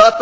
La